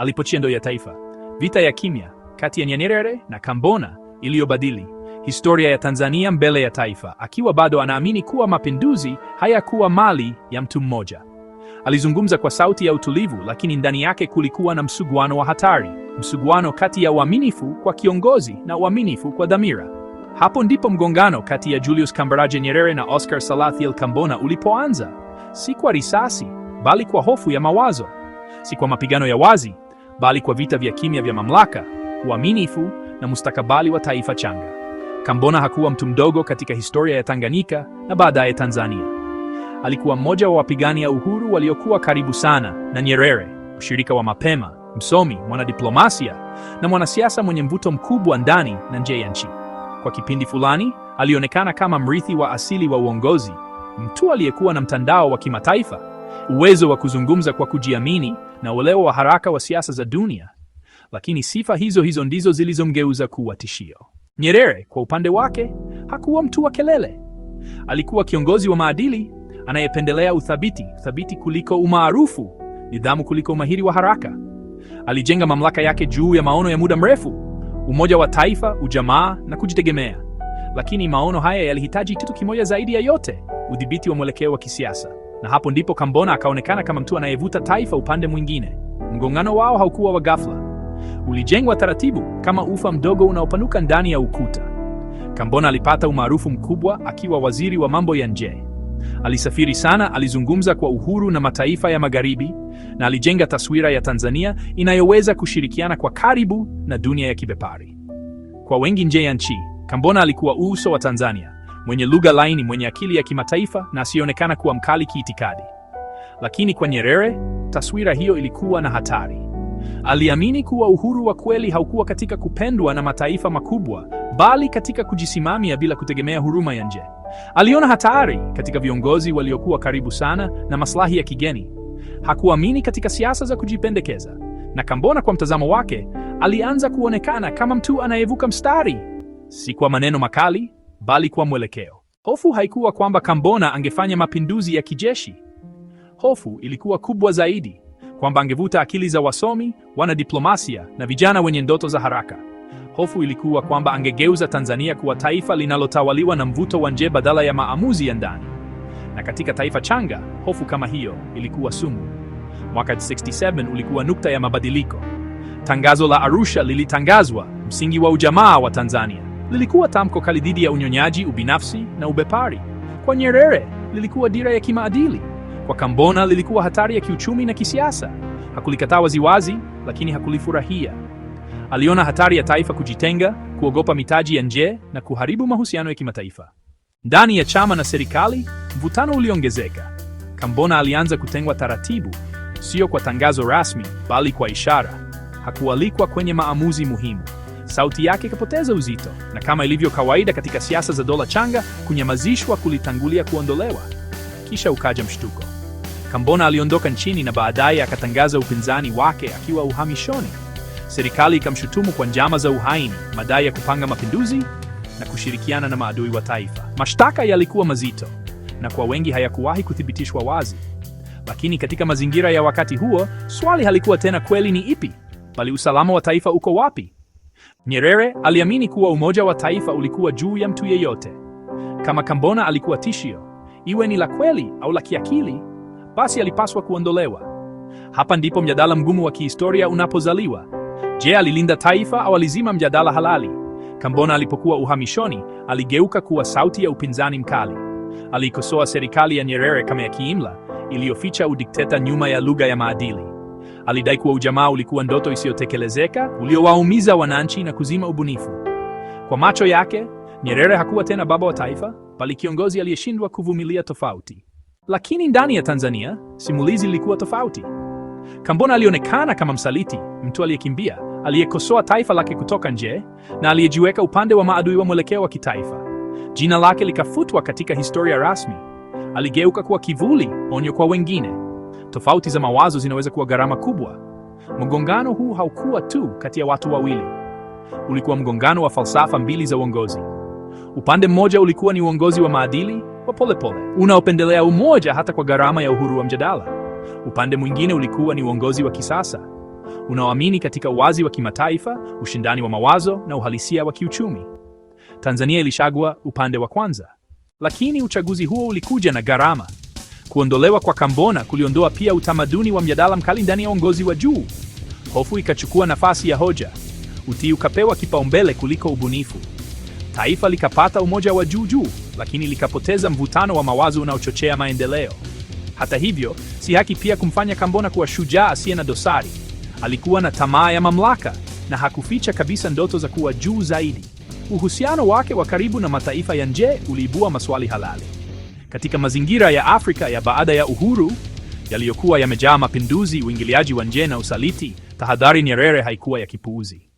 alipochendo ya taifa, vita ya kimya kati ya Nyerere na Kambona iliyobadili historia ya Tanzania mbele ya taifa, akiwa bado anaamini kuwa mapinduzi hayakuwa mali ya mtu mmoja. Alizungumza kwa sauti ya utulivu, lakini ndani yake kulikuwa na msuguano wa hatari, msuguano kati ya uaminifu kwa kiongozi na uaminifu kwa dhamira. Hapo ndipo mgongano kati ya Julius Kambarage Nyerere na Oscar Salathiel Kambona ulipoanza, si kwa risasi, bali kwa hofu ya mawazo, si kwa mapigano ya wazi bali kwa vita vya kimya vya mamlaka, uaminifu na mustakabali wa taifa changa. Kambona hakuwa mtu mdogo katika historia ya Tanganyika na baadaye Tanzania. Alikuwa mmoja wa wapigania uhuru waliokuwa karibu sana na Nyerere, mshirika wa mapema, msomi, mwanadiplomasia na mwanasiasa mwenye mvuto mkubwa ndani na nje ya nchi. Kwa kipindi fulani, alionekana kama mrithi wa asili wa uongozi, mtu aliyekuwa na mtandao wa kimataifa, uwezo wa kuzungumza kwa kujiamini na uelewa wa haraka wa siasa za dunia, lakini sifa hizo hizo ndizo zilizomgeuza kuwa tishio. Nyerere kwa upande wake hakuwa mtu wa kelele. Alikuwa kiongozi wa maadili anayependelea uthabiti, uthabiti kuliko umaarufu, nidhamu kuliko umahiri wa haraka. Alijenga mamlaka yake juu ya maono ya muda mrefu, umoja wa taifa, ujamaa na kujitegemea. Lakini maono haya yalihitaji kitu kimoja zaidi ya yote, udhibiti wa mwelekeo wa kisiasa na hapo ndipo Kambona akaonekana kama mtu anayevuta taifa upande mwingine. Mgongano wao haukuwa wa ghafla, ulijengwa taratibu kama ufa mdogo unaopanuka ndani ya ukuta. Kambona alipata umaarufu mkubwa akiwa waziri wa mambo ya nje. Alisafiri sana, alizungumza kwa uhuru na mataifa ya Magharibi na alijenga taswira ya Tanzania inayoweza kushirikiana kwa karibu na dunia ya kibepari. Kwa wengi nje ya nchi, Kambona alikuwa uso wa Tanzania mwenye lugha laini, mwenye akili ya kimataifa na asiyeonekana kuwa mkali kiitikadi. Lakini kwa Nyerere, taswira hiyo ilikuwa na hatari. Aliamini kuwa uhuru wa kweli haukuwa katika kupendwa na mataifa makubwa, bali katika kujisimamia bila kutegemea huruma ya nje. Aliona hatari katika viongozi waliokuwa karibu sana na maslahi ya kigeni. Hakuamini katika siasa za kujipendekeza, na Kambona, kwa mtazamo wake, alianza kuonekana kama mtu anayevuka mstari, si kwa maneno makali, bali kwa mwelekeo. Hofu haikuwa kwamba Kambona angefanya mapinduzi ya kijeshi. Hofu ilikuwa kubwa zaidi, kwamba angevuta akili za wasomi, wanadiplomasia na vijana wenye ndoto za haraka. Hofu ilikuwa kwamba angegeuza Tanzania kuwa taifa linalotawaliwa na mvuto wa nje badala ya maamuzi ya ndani. Na katika taifa changa, hofu kama hiyo ilikuwa sumu. Mwaka 67 ulikuwa nukta ya mabadiliko. Tangazo la Arusha lilitangazwa, msingi wa ujamaa wa Tanzania lilikuwa tamko kali dhidi ya unyonyaji, ubinafsi na ubepari. Kwa Nyerere lilikuwa dira ya kimaadili, kwa Kambona lilikuwa hatari ya kiuchumi na kisiasa. Hakulikataa waziwazi, lakini hakulifurahia. Aliona hatari ya taifa kujitenga, kuogopa mitaji ya nje na kuharibu mahusiano ya kimataifa. Ndani ya chama na serikali, mvutano uliongezeka. Kambona alianza kutengwa taratibu, sio kwa tangazo rasmi, bali kwa ishara. Hakualikwa kwenye maamuzi muhimu sauti yake ikapoteza uzito, na kama ilivyo kawaida katika siasa za dola changa, kunyamazishwa kulitangulia kuondolewa. Kisha ukaja mshtuko. Kambona aliondoka nchini na baadaye akatangaza upinzani wake akiwa uhamishoni. Serikali ikamshutumu kwa njama za uhaini, madai ya kupanga mapinduzi na kushirikiana na maadui wa taifa. Mashtaka yalikuwa mazito na kwa wengi hayakuwahi kuthibitishwa wazi. Lakini katika mazingira ya wakati huo, swali halikuwa tena kweli ni ipi, bali usalama wa taifa uko wapi? Nyerere aliamini kuwa umoja wa taifa ulikuwa juu ya mtu yeyote. Kama Kambona alikuwa tishio, iwe ni la kweli au la kiakili, basi alipaswa kuondolewa. Hapa ndipo mjadala mgumu wa kihistoria unapozaliwa. Je, alilinda taifa au alizima mjadala halali? Kambona alipokuwa uhamishoni, aligeuka kuwa sauti ya upinzani mkali. Alikosoa serikali ya Nyerere kama ya kiimla, iliyoficha udikteta nyuma ya lugha ya maadili. Alidai kuwa ujamaa ulikuwa ndoto isiyotekelezeka uliowaumiza wananchi na kuzima ubunifu. Kwa macho yake, Nyerere hakuwa tena baba wa taifa, bali kiongozi aliyeshindwa kuvumilia tofauti. Lakini ndani ya Tanzania, simulizi lilikuwa tofauti. Kambona alionekana kama msaliti, mtu aliyekimbia, aliyekosoa taifa lake kutoka nje na aliyejiweka upande wa maadui wa mwelekeo wa kitaifa. Jina lake likafutwa katika historia rasmi. Aligeuka kuwa kivuli, onyo kwa wengine. Tofauti za mawazo zinaweza kuwa gharama kubwa. Mgongano huu haukuwa tu kati ya watu wawili, ulikuwa mgongano wa falsafa mbili za uongozi. Upande mmoja ulikuwa ni uongozi wa maadili wa polepole unaopendelea umoja hata kwa gharama ya uhuru wa mjadala. Upande mwingine ulikuwa ni uongozi wa kisasa unaoamini katika uwazi wa kimataifa, ushindani wa mawazo na uhalisia wa kiuchumi. Tanzania ilishagwa upande wa kwanza, lakini uchaguzi huo ulikuja na gharama. Kuondolewa kwa Kambona kuliondoa pia utamaduni wa mjadala mkali ndani ya uongozi wa juu. Hofu ikachukua nafasi ya hoja, utii ukapewa kipaumbele kuliko ubunifu. Taifa likapata umoja wa juu juu, lakini likapoteza mvutano wa mawazo unaochochea maendeleo. Hata hivyo, si haki pia kumfanya Kambona kuwa shujaa asiye na dosari. Alikuwa na tamaa ya mamlaka na hakuficha kabisa ndoto za kuwa juu zaidi. Uhusiano wake wa karibu na mataifa ya nje uliibua maswali halali. Katika mazingira ya Afrika ya baada ya uhuru yaliyokuwa yamejaa mapinduzi, uingiliaji wa nje na usaliti, tahadhari Nyerere haikuwa ya kipuuzi.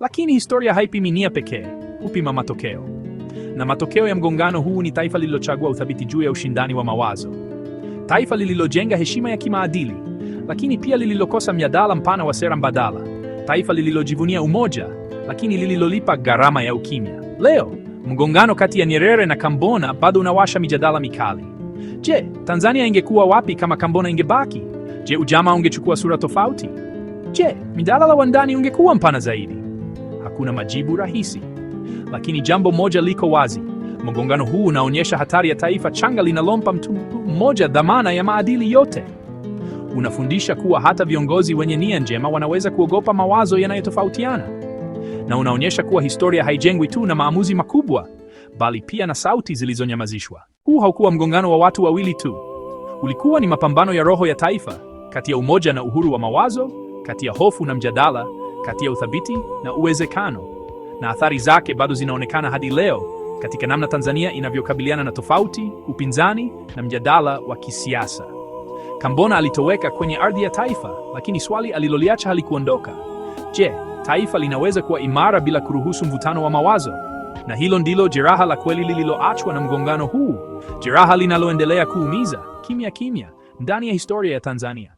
Lakini historia haipimi nia pekee, hupima matokeo, na matokeo ya mgongano huu ni taifa lililochagua uthabiti juu ya ushindani wa mawazo, taifa lililojenga heshima ya kimaadili, lakini pia lililokosa mjadala mpana wa sera mbadala, taifa lililojivunia umoja, lakini lililolipa gharama ya ukimya. Leo Mgongano kati ya Nyerere na Kambona bado unawasha mijadala mikali. Je, Tanzania ingekuwa wapi kama Kambona ingebaki? Je, ujamaa ungechukua sura tofauti? Je, mjadala wa ndani ungekuwa mpana zaidi? Hakuna majibu rahisi, lakini jambo moja liko wazi: mgongano huu unaonyesha hatari ya taifa changa linalompa mtu mmoja dhamana ya maadili yote. Unafundisha kuwa hata viongozi wenye nia njema wanaweza kuogopa mawazo yanayotofautiana na unaonyesha kuwa historia haijengwi tu na maamuzi makubwa, bali pia na sauti zilizonyamazishwa. Huu haukuwa mgongano wa watu wawili tu, ulikuwa ni mapambano ya roho ya taifa, kati ya umoja na uhuru wa mawazo, kati ya hofu na mjadala, kati ya uthabiti na uwezekano. Na athari zake bado zinaonekana hadi leo katika namna Tanzania inavyokabiliana na tofauti, upinzani na mjadala wa kisiasa. Kambona alitoweka kwenye ardhi ya taifa, lakini swali aliloliacha halikuondoka. Je, taifa linaweza kuwa imara bila kuruhusu mvutano wa mawazo? Na hilo ndilo jeraha la kweli lililoachwa na mgongano huu, jeraha linaloendelea kuumiza kimya kimya ndani ya historia ya Tanzania.